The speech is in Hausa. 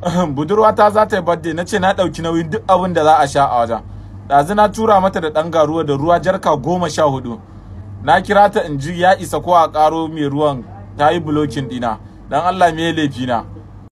budurwata za ta yi birthday na ce na ɗauki nauyin duk abin da za a sha a wajen ɗazu na tura mata da ɗan garuwa da ruwa jarka goma sha hudu na kira ta in ji ya isa ko a ƙaro mai ruwan ta yi bulokin ɗina don allah me na.